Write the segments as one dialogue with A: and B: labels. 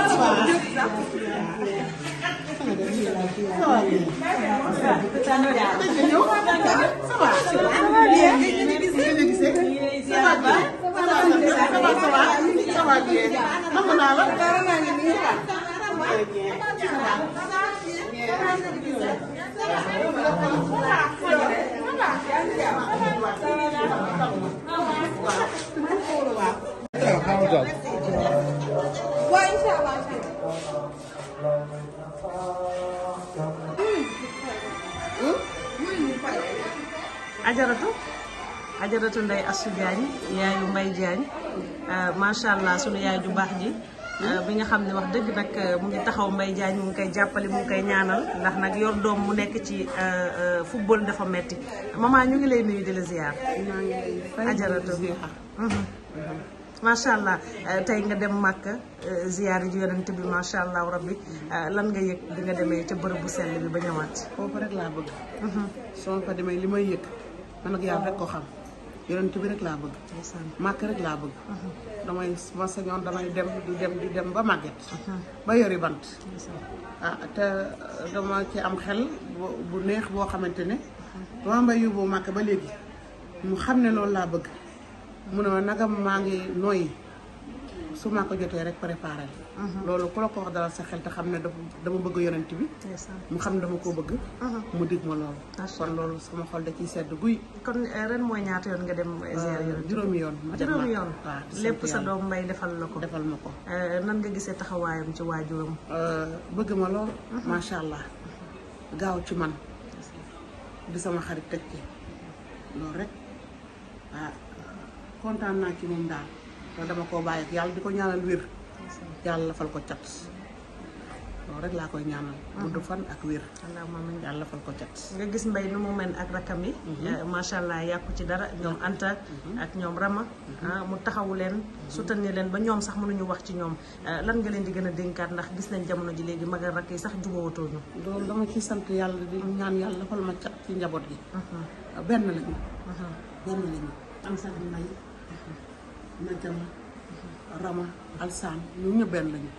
A: How
B: about waaw incha allah incha allah. ajaratu ajaratu Ndeye Astou Diagne yaayu Mbaye Diagne euh, macha allah sunu yaay ju baax ji. Euh, bi nga xam ne wax dëgg nag euh, mu ngi taxaw Mbaye Diagne mu ngi koy jàppale mu ngi koy ñaanal ndax nag yor doom mu nekk ci football dafa metti maman ñu ngi lay nuyu di la ziar. ajaratu hmm. macha allah eh, tey nga dem Màkka eh, ziyaar ji yonent bi macha allah rabbi eh, lan nga yëg bi nga demee ca bërëb bu
C: sell bi ba ñëwaat. foofu rek laa bëgg. Mhm. soo ko demee li may yëg man ak yàlla rek ko xam yonent bi rek laa bëgg. Màkka rek laa bëgg. Mhm. damay ma sañoon damay dem di dem di dem ba màgget. Mhm. ba yori bant. ah te dama ci am xel bu neex boo xamante ne. waa mbay yóbbu Màkka ba léegi mu xam ne loolu laa bëgg. mu ne ma nagam maa ngi nooy su ma ko jotee rek préparé mhm. loolu ku la ko wax dalal sa xel te xam ne dafa dama bëgg yonent bi mu xam dama koo bëgg mhm. mu dig ma loolu kon loolu sama xol da ciy sedd guy kon eh, ren mooy
B: ñaata yoon nga dem euh, ziar yoon juróomi yoon juróomi yoon waaw lépp sa doom mbay defal la ko defal ma ko euh, nan nga gisee taxawaayam ci waajuram euh, bëgg ma lool mhm. macha allah
C: gaaw ci man di sama xarit teg ci loolu rek kontaan naa ci moom daal loolu dama koo bàyyi yàlla di ko ñaanal
B: wér yàlla lafal ko cat loolu rek laa koy ñaanal gudd ah. fan ak wér yàlla lafal ko cat nga gis mbay nu mu mel ak rakam yi mhm. eh, macha allah yàqu ci dara ñoom Anta mhm. ak ñoom Rama mhm. ah, mu taxawu leen soutenir leen ba ñoom sax mun na ñu wax ci ñoom eh, lan nga leen di gën a dénkaat ndax gis nañ jamono ji léegi mag ak rakk yi sax jubawatooñu loolu dama ci sant yàlla di ñaan yàlla lafal ma cat ci njaboot gi benn lañu
C: benn lañu na jama rama alsaan ñun ñu benn lañu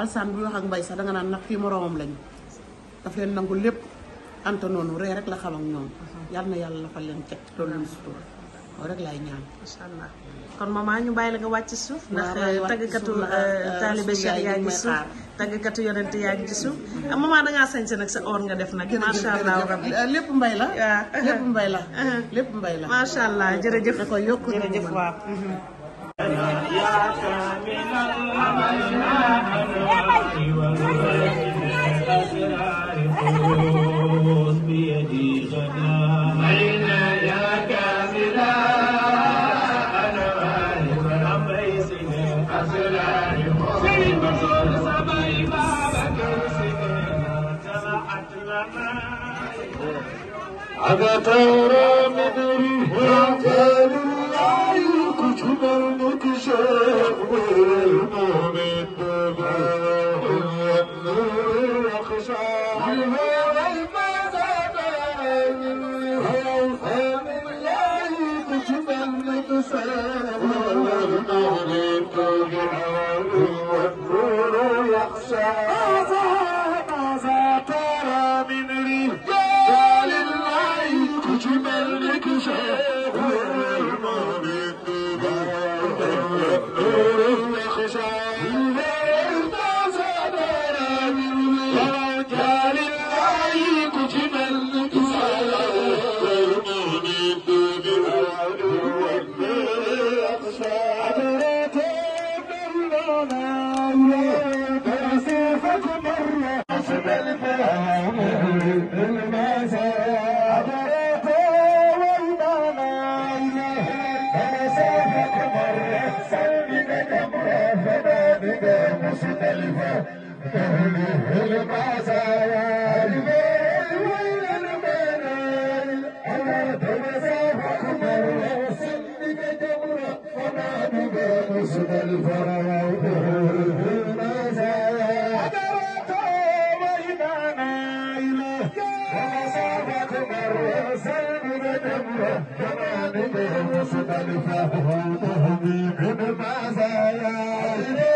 C: alsaan buy wax ak mbay sax danga naan nag fii moroomam lañu daf leen nangu lépp anta noonu ree rek la xam ak ñoom yal na yàlla dafa leen teg loolu leen sutura loolu rek laay ñaan masha
B: allah kon ñu bàyyi la nga wàcc suuf ndax tàggkatu euh, taalibe Cheikh yaa suuf tàggkatu yonent yaa ngi ci suuf ah, maman dangaa sañse nag sa or nga def nag macha allah ah, lépp mbay la waaw ah. mbay la lépp mbay la macha
C: allah jërëjëf da ko yokk jërëjëf waaw
A: yaa
C: mm-hmm.
A: أبا ترى من الهام حسن الهوى تهله المعزايا مسد الفرع وظهوره المزايا حضرت وإمانا إله ومصابكم الرسل بدمره كما نبه مسد الفرع وظهوره المزايا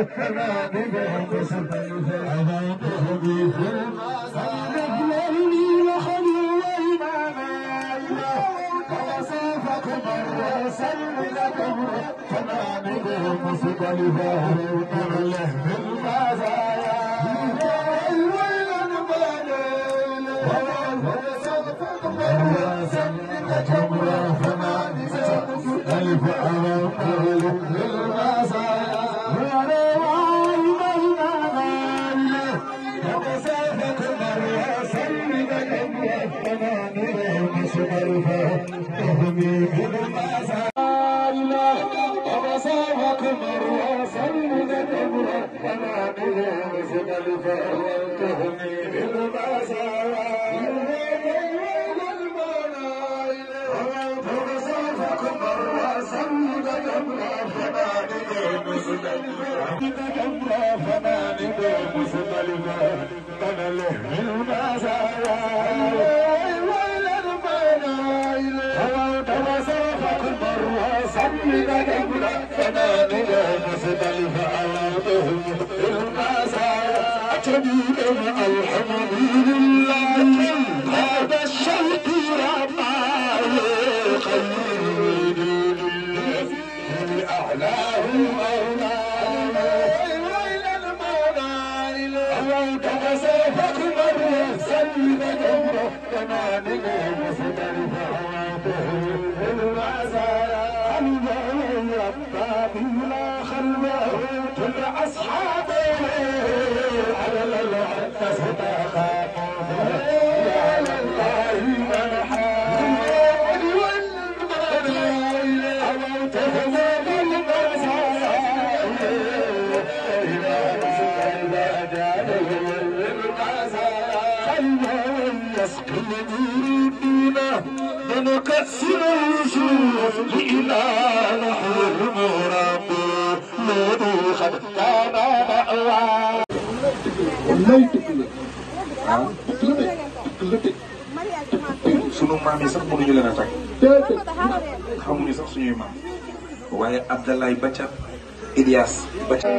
A: الكرام بيت سبيل أنا بحبي في المزار أهلي وخلي وإمامي فوصافك مرة سلم لكم فما بهم سبيل أهله بالمزايا فما نزلت ألف أمام أهل للمال فما ندم سلفا قال له من ما زال لنا من نسبل فأعلمهم بالمساء أتبين الحمد لله يسر الوجود إلى نحو المرب
B: نور
D: قد
A: كان مأوى
D: والله تكلم تكلم تكلم sunu maam yi sax mënuñu leen a tàgg.
A: déedéet
D: xamuñu sax suñuy maam. waaye Abdalaay Bacar Ilias Bacar.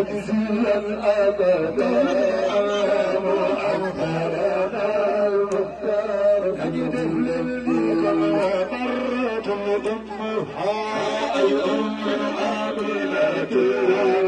A: مجزيا أبدا محمدنا المختار نجد للذي مرة ضمها الأم آمنة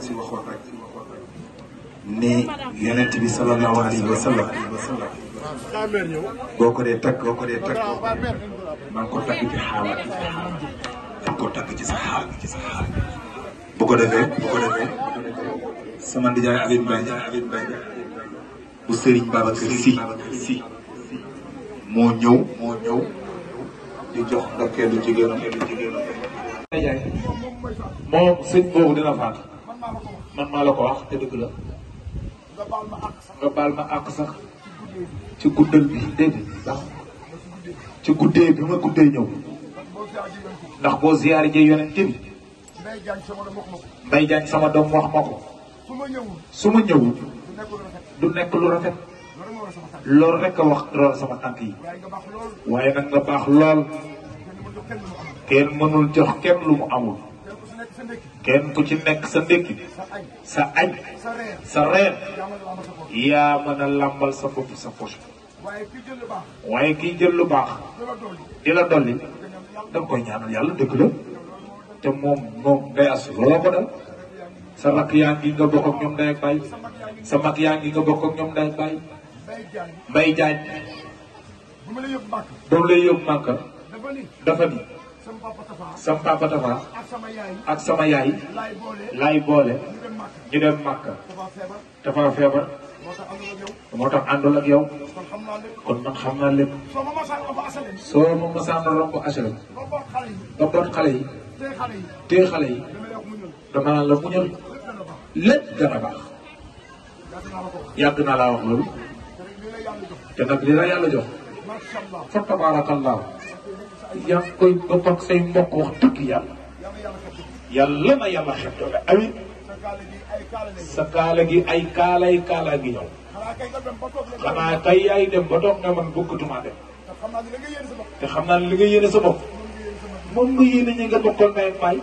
D: rek ne yonent bi sallallahu alayhi wa sallam boo ko dee takk boo ko dee takk man ko takk ci xaalaat man ci sa bu ko defee bu ko defee sama ndijaay Alioune Mbaye Alioune Mbaye bu Serigne Babacar Sy Sy moo ñëw moo ñëw di jox ndokkeelu jigéenam jigéenam moom sëñ boobu dina faat man maa la ko wax te dëgg la nga baal ma àq sax ci guddal bi dégg ndax ci guddee bi ma guddee ñëw ndax boo ziyaar jee yonent bi mbay jaañ sama doom wax ma ko su ma ñëwul du nekk lu rafet loolu rek a wax lool sama tànk yi waaye nag nga baax lool kenn mënul jox kenn lu mu amul kenn ku ci nekk sa ndékki sa añ sa reer yaa mën a làmbal sa bopp sa poche waaye kiy jël lu baax di la dolli danga koy ñaanal yàlla dëgg la te moom moom day as loo dal sa rakk yaa ngi nga bokk ñoom day ak bàyyi sa mag yaa ngi nga bokk ak ñoom day ak bàyyi mbay jaaj ba mu lay dafa ni sam papa Tafa ak sama yaay laay boole ñu dem Màkka feebar moo tax àndul ak yow kon man xam naa lépp soo ma masaan romb HLM ba boot xale yi téye xale yi dama naan la muñal lépp dana baax yàgg naa laa wax loolu te nag li la yàlla jox fa tabaarakallaahu yaa ngi koy bokk say mbokk wax dëgg yàlla yàlla na yàlla xet doole amiin sa kaala gi ay kaalay kaala gi ñëw xanaa kay yaay dem ba nga man bëggatumaa dem te xam naa ne li nga yéene sa bopp moom nga yéene ñi nga bokkal may may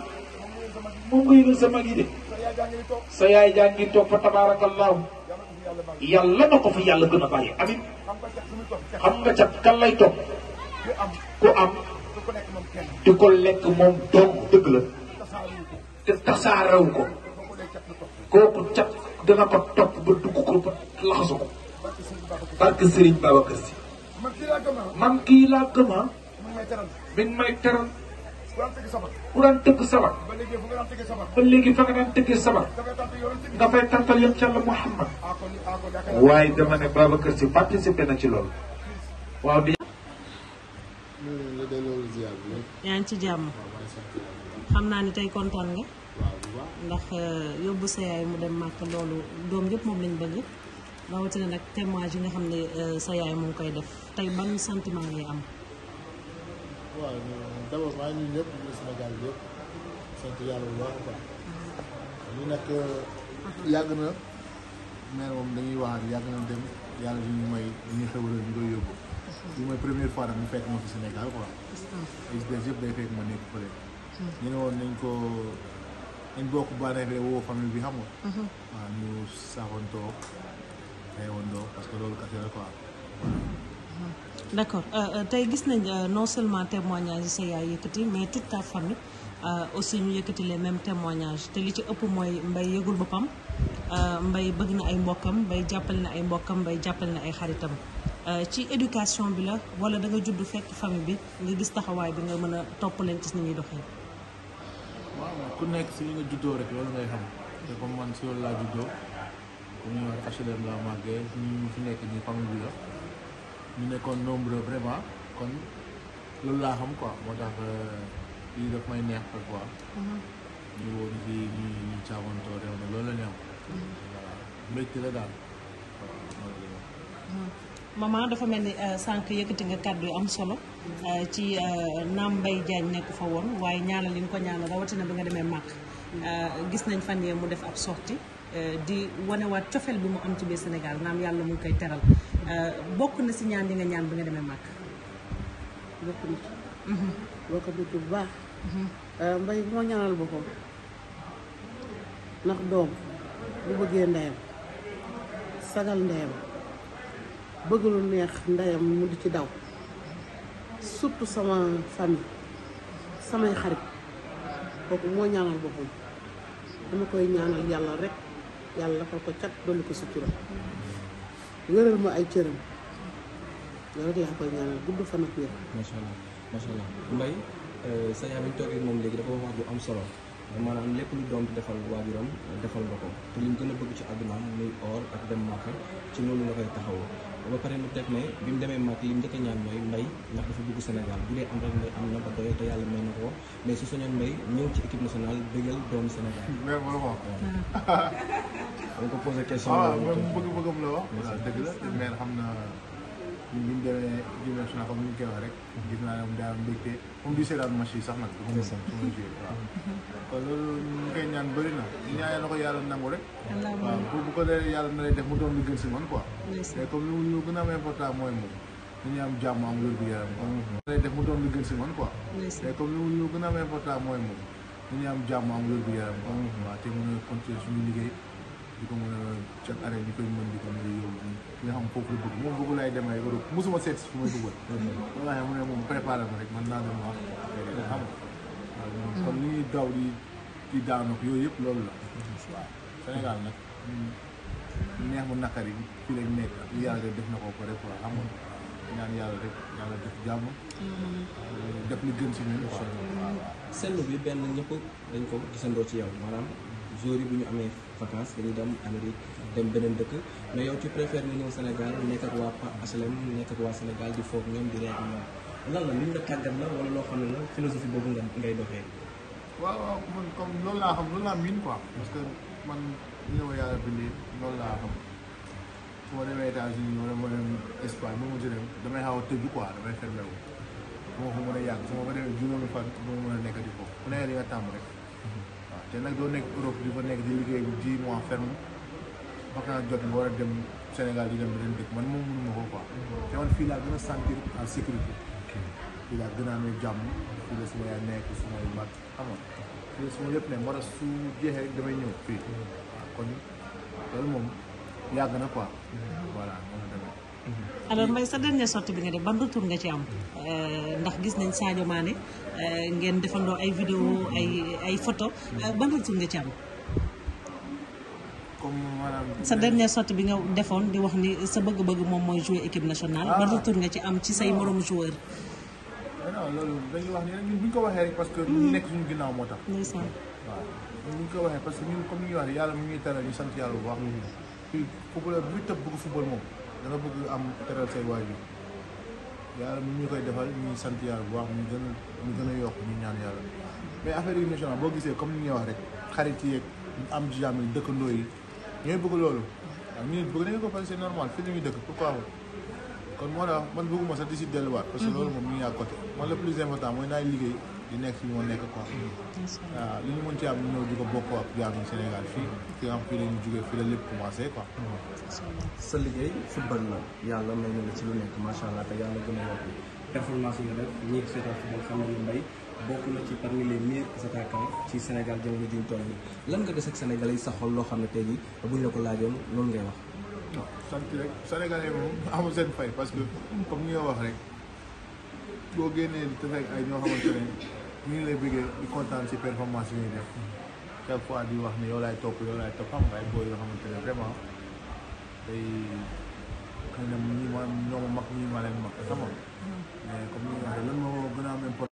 D: moom nga yéene sa mag yi de sa yaay jaa ngi toog fa tabaarakallaahu yàlla na ko fa yàlla gën a bàyyi amiin xam nga cat kan toog ku am di ko lekk moom doom dëgg la te tasaaraw ko kooku cat dana ko topp ba dugg ko ba laxasu ko barke Serigne Babacar Sy ah. man kii laa gëm ah mi ngi may teral ku daan tëgg sabar ba léegi fa nga daan tëggee sabar nga fay tantal yam càlla Muhammad ah, ah, waaye dama ne Babacar Sy participé na ci lool waaw
B: yaa ngi ci jàmm xam naa ni tey kontaan nga ndax uh, yóbbu sa yaay mu dem màkk loolu doom yëpp moom lañ bëgg rawatina nag témoignage yi nga xam ne uh, ngi koy def tey ban sentiment ngay ngi
E: ñëpp mm-hmm. ñu Sénégal yëpp sant nag yàgg na mère moom dañuy waxaat yàgg na dem yàlla ñu may ñu xewal ñu koy yóbbu bi mooy première fois nag mu fekk ma fi Sénégal quoi. experts yëpp day fekk ma nekk fële. ñu ne woon nañ ko nañ bokk bànneex rek woo famille bi xam nga. parce que loolu kese
B: tey gis nañ non seulement témoignage yi sa yaay yëkkati mais toute ta famille aussi uh, ñu yëkkati les mêmes témoignages te li ci ëpp mooy mbay yëgul boppam uh, mbay bëgg na ay mbokkam mbay jàppale na ay mbokkam mbay jàppale na ay xaritam Euh, ci éducation bi la wala da nga fekk famille bi nga gis taxawaay bi nga mën a topp leen ci ni ñuy doxee.
E: waaw ku nekk si li nga juddoo rek loolu ngay xam te comme man si loolu laa juddoo comme la HLM laa màggee ñu fi nekk nii famille bi la ñu nekkoon nombre vraiment kon loolu laa xam ko moo tax euh, lii daf may neex parfois. Mm-hmm. ñu woon fii ñu loolu la ñu am. Mm-hmm. la daal.
B: maman dafa mel ni euh, sànq yëkkati nga kàddu am solo euh, ci euh, naam Mbaye Diagne nekk fa woon waaye ñaanal li nga ko ñaanal rawatina bi nga demee màkk gis nañ fan yee mu def ab sorti di wanewaat cofeel bi mu am ci biir Sénégal naam yàlla mu ngi koy teral bokk na si ñaan yi nga ñaan bi nga demee màkk bokk na ci mhm. bokk na bu baax mhm. Mbaye moo ma ñaanal boppam
C: ndax doom bu bëggee ndeyam sagal ndeyam bëgg lu neex ndeyam mu di ci daw surtout sama famille samay xarit kooku moo ñaanal boppam dama koy ñaanal yàlla rek yàlla ko ko cat dolli ko sutura wéral ma ay cëram loolu laa koy ñaanal gudd fan ak wér.
D: macha allah macha allah Mbaye euh, sa moom léegi dafa wax lu am solo maanaam lépp lu doom di defal waajuram defal nga ko te li ñu gën a bëgg ci àdduna muy or ak dem Màkka ci loolu nga koy taxawoo. ba pare mu teg ne bi mu demee mag li mu njëkk ñaan mooy Mbaye ndax dafa bëgg Sénégal bu dee am rek Mbaye am na ba doy te yàlla may na ko mais su soñoon Mbaye ñëw ci équipe nationale bëggal doomu Sénégal. mais wala wax. dañ moom
E: bëgg-bëggam la wax. dëgg la mais xam naa ñun bi ñu demee jiw national comme ni ñu koy rek. gis naa ne moom daa am mbégte comme du seetaan match yi sax nag. du ko mën du waaw. kon ñu ñaan bëri na ko yàlla nangu rek. waaw bu ko dee yàlla na def mu doon lu gën si man quoi. mais comme lu ñu gën a am important mooy moom. dañuy am jàmm am wér gu yaram. na def mu doon lu gën si man quoi. mais comme lu ñu gën a am important mooy moom. dañuy am jàmm am wér gu yaram. waaw te mën a continuer suñu liggéey. di ko mën a cot arrêt di koy mën di ko mën a yóbbu fi nga xam foofu la bëgg moom boobu laay dem ay Europe mosuma seet fu may dugal ma waxee mu ne moom préparé man naa daw di di daanok yooyu yëpp loolu la waaw Sénégal neex mu naqar yi fii lañ nekk yàlla def na ko ko rek waa xam nga ñaan yàlla rek yàlla def jàmm
A: mm-hmm.
D: def li gën si ñun waaw
A: waaw seetlu
D: bi benn ñëpp dañ ko gisandoo ci yow maanaam jour yi ñu amee vacances dañuy dem Amérique dem beneen dëkk mais yow tu préfères nga ñëw Sénégal nekk ak waa HLM nekk waa Sénégal di foog ñoom di reer loo xam ne la philosophie ngay doxee. waaw waaw man comme
E: loolu laa xam loolu laa miin quoi parce que man li ma yàlla bindee loolu laa xam su ma demee États-Unis wala ma dem Espagne ma mujj dem damay xaw a tëju quoi damay fermé wu. moo ko mën a yàgg su ma ko demee juróomi fan du ma mën di foofu ku ne li nga tàmm rek. te nag doo nekk Europe di fa nekk di liggéey dix mois fa vacances jot nga war a dem Sénégal di dem beneen dëkk man moom mënuma ko quoi te man fii laa gën a en sécurité fii laa gën amee jàmm fii la suma yaay nekk sumay mag xam nga fii la suma lépp ne moo tax su jeexee damay ñëw fii waaw mm. kon loolu moom yàgg na quoi mm. voilà Mm-hmm.
B: alors Mbaye sa dernière sortie bi nga def ban retour nga ci am euh, ndax gis nañ Sadio Mané euh, ngeen defandoo ay vidéo ay ay photo euh, ban retour nga ci am. comme maanaam. sa dernière sortie bi nga defoon di wax ni sa bëgg-bëgg moom mooy jouer équipe nationale. Ah. ban nga ci am ci say moromu joueur.
E: non loolu dañuy wax ne ñun bu ñu ko waxee rek parce que. ñu mm. nekk suñu ginnaaw moo tax. ndeysaan waaw ñun bu ñu ko waxee parce que ñun comme ni wax yàlla mu ñuy tere ñu sant yàlla bu baax. Mm. fii football moom. da nga bëgg am teral say waajur yàlla mu ñu koy defal ñuy sant yàlla bu baax ñu gën a gën a yokk ñu ñaan yàlla mais affaire yi national boo gisee comme ni ngay wax rek xarit yi am ci jàmm yi yi bëgg loolu waaw ñu ne bëgg nañu ko parce que normal fii la ñuy dëkk pourquoi pas kon moo tax man bëgguma sax di si delluwaat parce que mhm. loolu moom mi ngi à côté man le plus important mooy naay liggéey di nekk fi moo nekk quoi. waaw li ñu mën ci am ñëw di ko bokk ak jaamu Sénégal fii fi nga fii la ñu fii la lépp commencé ko
D: sa liggéey football la yàlla may na la ci lu nekk macha te yàlla gën a yokk performance nga def ñii ci parmi les meilleurs attaquants Sénégal yi lan nga des ak sa xol loo xam ne tey jii buñ la ko laajoon loolu ngay wax.
E: waaw sant rek Sénégalais moom amul seen fay parce que comme ni nga wax rek boo génnee dafay ay ñoo xamante ne. ñu ngi lay bëggee di kontaan si performance yi ñuy def chaque fois di wax ne yow laay topp yow laay topp xam nga ay booy yoo xamante ne vraiment tey xëy na ñii ma ñoo ma mag ñii ma leen mag nga mm-hmm. mais comme
A: moo gën a am importance